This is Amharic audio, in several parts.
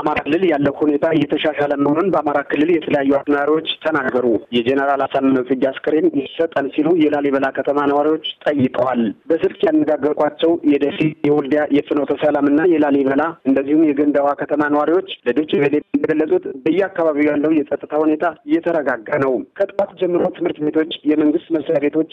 አማራ ክልል ያለው ሁኔታ እየተሻሻለ መሆኑን በአማራ ክልል የተለያዩ አዝማሪዎች ተናገሩ። የጀኔራል አሳምነው ጽጌ አስከሬን ይሰጠን ሲሉ የላሊበላ ከተማ ነዋሪዎች ጠይቀዋል። በስልክ ያነጋገርኳቸው የደሴ፣ የወልዲያ፣ የፍኖተ ሰላም እና የላሊበላ እንደዚሁም የገንዳዋ ከተማ ነዋሪዎች ለዶች ቬሌ እንደገለጹት በየአካባቢው ያለው የጸጥታ ሁኔታ እየተረጋጋ ነው። ከጥዋት ጀምሮ ትምህርት ቤቶች፣ የመንግስት መስሪያ ቤቶች፣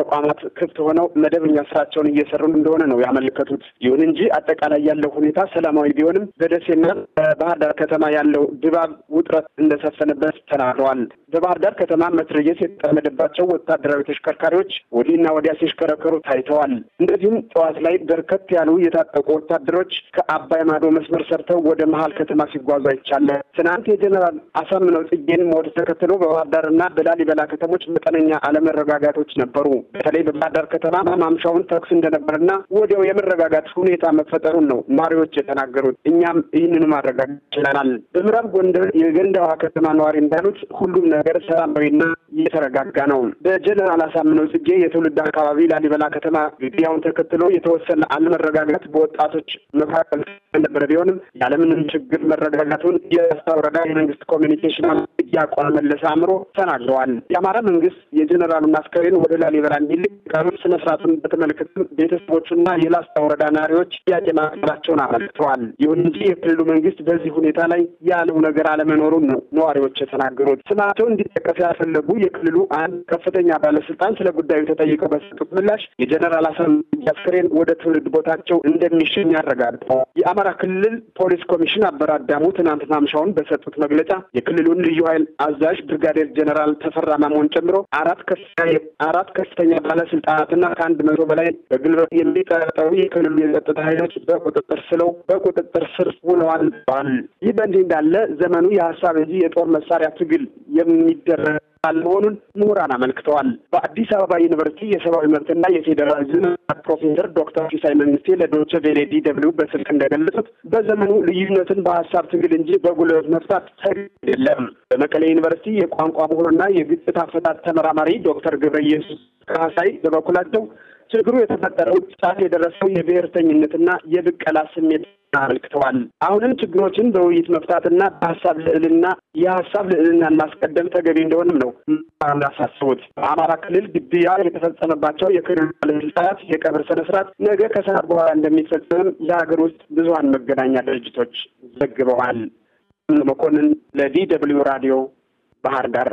ተቋማት ክፍት ሆነው መደበኛ ስራቸውን እየሰሩ እንደሆነ ነው ያመለከቱት። ይሁን እንጂ አጠቃላይ ያለው ሁኔታ ሰላማዊ ቢሆንም በደሴና በባህር ዳር ከተማ ያለው ድባብ ውጥረት እንደሰፈነበት ተናግረዋል። በባህር ዳር ከተማ መትረየስ የተጠመደባቸው ወታደራዊ ተሽከርካሪዎች ወዲህና ወዲያ ሲሽከረከሩ ታይተዋል። እንደዚሁም ጠዋት ላይ በርከት ያሉ የታጠቁ ወታደሮች ከአባይ ማዶ መስመር ሰርተው ወደ መሀል ከተማ ሲጓዙ አይቻለን። ትናንት የጀነራል አሳምነው ጽጌን ሞት ተከትሎ በባህር ዳርና በላሊበላ ከተሞች መጠነኛ አለመረጋጋቶች ነበሩ። በተለይ በባህር ዳር ከተማ ማምሻውን ተኩስ እንደነበርና ወዲያው የመረጋጋት ሁኔታ መፈጠሩን ነው ነዋሪዎች የተናገሩት። እኛም ይህንን ማረጋገጥ ችለናል። በምዕራብ ጎንደር የገንዳዋ ከተማ ነዋሪ እንዳሉት ሁሉም ነገር ሰላማዊና እየተረጋጋ ነው። በጀነራል አሳምነው ጽጌ የትውልድ አካባቢ ላሊበላ ከተማ ግድያውን ተከትሎ የተወሰነ አለመረጋጋት በወጣቶች መካከል ነበረ። ቢሆንም ያለምንም ችግር መረጋጋቱን የላስታ ወረዳ የመንግስት ኮሚኒኬሽን ዲያቆን መለሰ አእምሮ ተናግረዋል። የአማራ መንግስት የጀኔራሉን አስከሬን ወደ ላሊበላ እንዲልክ ቀኑን ስነ ስርዓቱን በተመለከተም ቤተሰቦቹና የላስታ ወረዳ ናሪዎች ጥያቄ ማቅረባቸውን አመልክተዋል። ይሁን እንጂ የክልሉ መንግስት በዚህ ሁኔታ ላይ ያለው ነገር አለመኖሩን ነው ነዋሪዎች የተናገሩት። ስማቸው እንዲጠቀስ ያልፈለጉ የክልሉ አንድ ከፍተኛ ባለስልጣን ስለ ጉዳዩ ተጠይቀው በሰጡት ምላሽ የጀነራል አሰም አስክሬን ወደ ትውልድ ቦታቸው እንደሚሸኝ አረጋግጠዋል። የአማራ ክልል ፖሊስ ኮሚሽን አበራዳሙ ትናንት ማምሻውን በሰጡት መግለጫ የክልሉን ልዩ ኃይል አዛዥ ብርጋዴር ጀነራል ተፈራ ማሞን ጨምሮ አራት ከፍተኛ አራት ከፍተኛ ባለስልጣ ባለስልጣናትና ከአንድ መቶ በላይ በግልበት የሚጠረጠሩ የክልሉ የጸጥታ ኃይሎች በቁጥጥር ስለው በቁጥጥር ስር ውለዋል ባል ይህ በእንዲህ እንዳለ ዘመኑ የሀሳብ እንጂ የጦር መሳሪያ ትግል የሚደረግ አለመሆኑን ምሁራን አመልክተዋል። በአዲስ አበባ ዩኒቨርሲቲ የሰብአዊ መብትና የፌዴራሊዝም ፕሮፌሰር ዶክተር ሲሳይ መንግስቴ ለዶቸ ቬለ ዲ በስልክ እንደገለጹት በዘመኑ ልዩነትን በሀሳብ ትግል እንጂ በጉልበት መፍታት ተገቢ አይደለም። በመቀሌ ዩኒቨርሲቲ የቋንቋ ምሁርና የግጭት አፈታት ተመራማሪ ዶክተር ገብረ ኢየሱስ ካሳይ በበኩላቸው ችግሩ የተፈጠረው ሳት የደረሰው የብሔርተኝነትና የብቀላ ስሜት አመልክተዋል። አሁንም ችግሮችን በውይይት መፍታትና በሀሳብ ልዕልና የሀሳብ ልዕልናን ማስቀደም ተገቢ እንደሆነም ነው ያሳስቡት። በአማራ ክልል ግድያ የተፈጸመባቸው የክልሉ ባለስልጣናት የቀብር ስነስርዓት ነገ ከሰዓት በኋላ እንደሚፈጸምም የሀገር ውስጥ ብዙሀን መገናኛ ድርጅቶች ዘግበዋል። መኮንን ለዲ ደብልዩ ራዲዮ ባህር ዳር